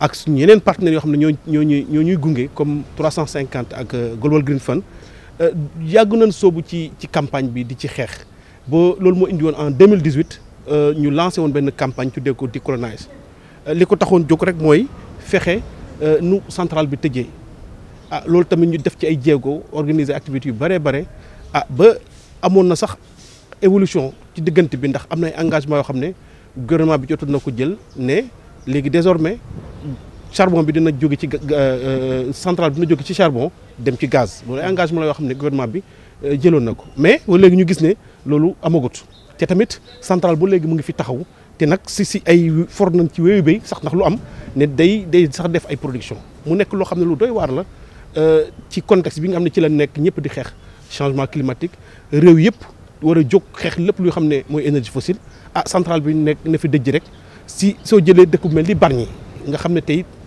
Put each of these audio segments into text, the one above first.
ak suñu yeneen partenaires yo xam ne ñoo ñooñuy ñoo ñuy comme 350 ak euh, Global Green Fund euh, yàgg nañ sobu ci ci campagne bi di ci xex bo lool mo indi won en 2018 euh, ñu lancé won ben campagne tuddee ko Decolonize li ko taxoon jóg rek mooy fexe nous centrale bi tejé ah lool tamit ñu def ci ay djégo organiser activité yu bare bare ah ba amon na sax évolution ci digënt bi ndax amna ay engagement yo xam gouvernement bi jotoon na ko jël ne légui désormais charbon bi dina jóge ci euh, euh, centrale bi dina jóge ci charbon dem ci gaz loolu engagement la yoo xam gouvernement bi euh, jëloon nako mais ba légui ñu gis né lolu amagut té tamit centrale bu légui mu ngi fi taxaw té nak si si ay for ci wéyu béy sax nak lu am né day day sax def ay production mu nek lo xamné lu doy war la ci contexte bi nga xam ci la nek ñëpp di xeex changement climatique réew yépp war a jóg xeex lépp luy xam ne mooy énergie fossile ah centrale bi nekk na fi dëj rek si soo jëlee dëkk bu mel ni Bargny nga xam ne tey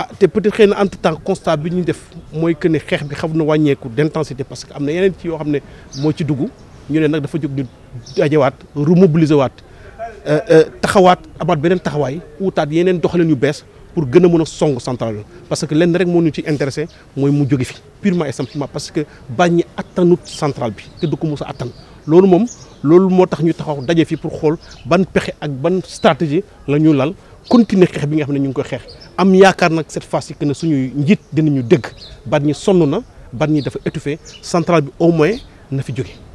ah te peut-être xëy na entre temps constat bi ñu def mooy que ne xeex bi xam na d'intensité parce que am na yeneen ci yoo xam ne moo ci dugg ñu ne nag dafa jóg ñu dajewaat remobiliser waat euh, euh, taxawaat amaat beneen taxawaay wutaat yeneen doxalin yu bees pour gën a mën central parce que lenn rek moo ñu ci intéressé mooy mu jóge fi purement et simplement parce que bàññi attanut central bi te du ko mos a attan loolu moom loolu moo tax ñu taxaw daje fi pour xool ban pexe ak ban stratégie la ñu lal continuer xeex bi nga xam ne ñu ngi koy xeex am yaakaar nag cette fois ci que ne suñuy njiit dinañu dégg bat ñi sonn na bat ñi dafa étouffé centrale bi au moins na fi jóge